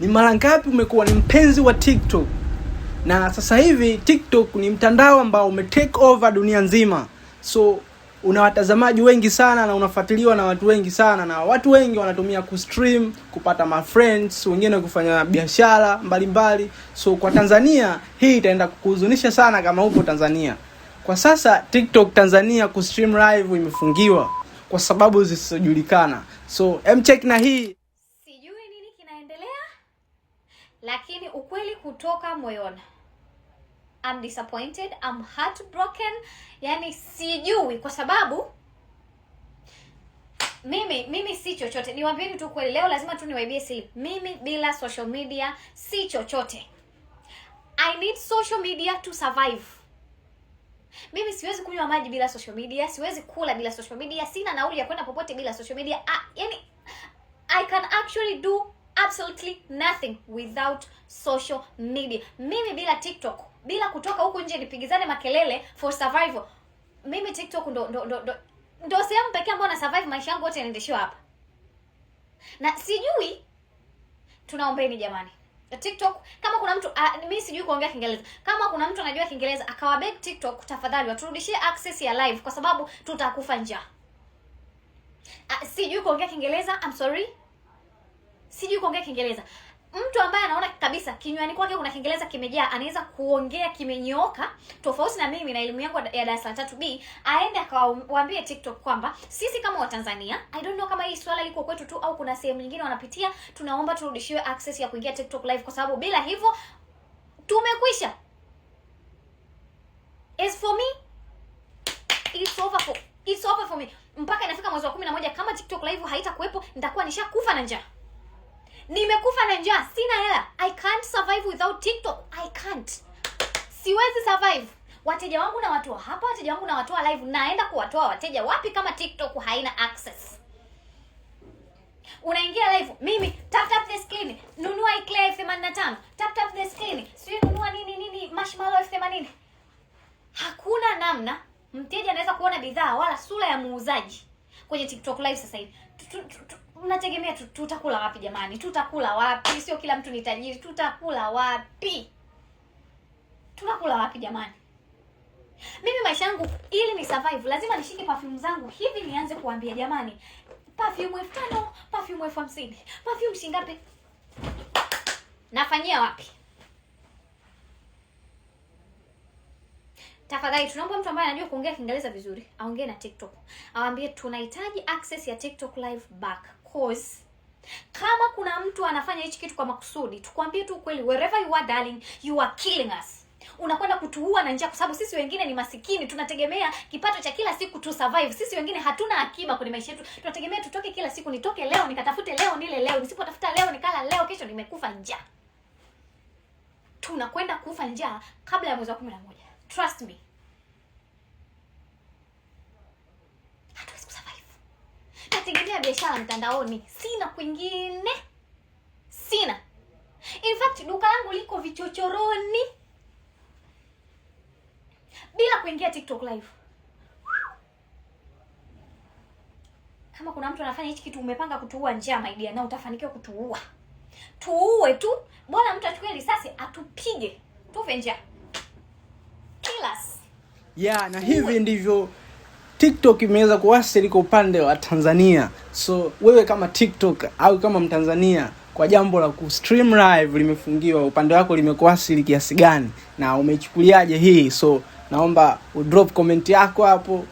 Ni mara ngapi umekuwa ni mpenzi wa TikTok? Na sasa hivi TikTok ni mtandao ambao umetake over dunia nzima, so una watazamaji wengi sana na unafuatiliwa na watu wengi sana, na watu wengi wanatumia kustream kupata ma friends, wengine kufanya biashara mbalimbali. So kwa Tanzania hii itaenda kukuhuzunisha sana kama upo Tanzania. Kwa sasa TikTok Tanzania kustream live imefungiwa kwa sababu zisizojulikana, so mcheck na hii lakini ukweli kutoka moyoni. I'm disappointed, I'm heartbroken. Yani sijui kwa sababu mimi mimi si chochote. Niwaambieni tu kweli leo lazima tu niwaibie siri. Mimi bila social media si chochote. I need social media to survive. Mimi siwezi kunywa maji bila social media, siwezi kula bila social media, sina nauli ya kwenda popote bila social media. Ah, yani I can actually do absolutely nothing without social media. Mimi bila TikTok, bila kutoka huku nje nipigizane makelele for survival, mimi TikTok ndo ndo ndo ndo, sehemu pekee ambayo na survive maisha yangu yote yanaendeshwa hapa, na sijui. Tunaombeni jamani, TikTok kama kuna mtu uh, mimi sijui kuongea Kiingereza. Kama kuna mtu anajua Kiingereza akawabeg TikTok, tafadhali waturudishie access ya live, kwa sababu tutakufa njaa. Uh, sijui kuongea Kiingereza, I'm sorry sijui kuongea Kiingereza. Mtu ambaye anaona kabisa kinywani kwake kuna Kiingereza kimejaa, anaweza kuongea kimenyooka, tofauti na mimi na elimu yangu ya darasa la 3B, aende akawaambie TikTok kwamba sisi kama Watanzania, I don't know kama hii swala liko kwetu tu au kuna sehemu nyingine wanapitia, tunaomba turudishiwe access ya kuingia TikTok live, kwa sababu bila hivyo tumekwisha. As for me, it's over for it's over for me. Mpaka inafika mwezi wa 11 kama TikTok live haitakuwepo, nitakuwa nishakufa na njaa nimekufa na njaa, sina hela, I can't survive without TikTok, I can't, siwezi survive. Wateja wangu na watoa hapa, wateja wangu na watoa live, naenda kuwatoa wateja wapi kama TikTok haina access? Unaingia live, mimi tap tap the screen, nunua eclair 85 tap tap the screen, sio nunua nini nini, marshmallow 80 Hakuna namna mteja anaweza kuona bidhaa wala sura ya muuzaji kwenye TikTok live sasa hivi mnategemea tutakula wapi jamani? Tutakula wapi? Sio kila mtu ni tajiri. Tutakula wapi? Tunakula wapi jamani? Mimi maisha yangu ili ni survive lazima nishike perfume zangu hivi, nianze kuambia jamani, perfume elfu tano perfume elfu hamsini perfume shingapi? Nafanyia wapi? Tafadhali tunaomba mtu ambaye anajua kuongea Kiingereza vizuri aongee na TikTok, awaambie tunahitaji access ya TikTok live back cause. Kama kuna mtu anafanya hichi kitu kwa makusudi, tukwambie tu ukweli, wherever you are darling, you are killing us. Unakwenda kutuua na njaa, kwa sababu sisi wengine ni masikini, tunategemea kipato cha kila siku tu survive. Sisi wengine hatuna akiba kwenye maisha yetu, tunategemea tutoke kila siku, nitoke leo nikatafute leo nile leo, nisipotafuta leo nikala leo, kesho nimekufa njaa. Tunakwenda kufa njaa kabla ya mwezi wa kumi na moja. Trust me. biashara mtandaoni, sina kwingine, sina in fact, duka langu liko vichochoroni. Bila kuingia TikTok live, kama kuna mtu anafanya hichi kitu, umepanga kutuua njia maidia, na utafanikiwa kutuua. Tuue tu, bora mtu achukue risasi atupige tuve njia. Killers. Yeah, na hivi ndivyo TikTok imeweza kuwasili kwa upande wa Tanzania. So wewe kama TikTok au kama Mtanzania kwa jambo la stream live limefungiwa, upande wako limekuwasili kiasi gani na umeichukuliaje hii? So naomba udrop comment yako hapo,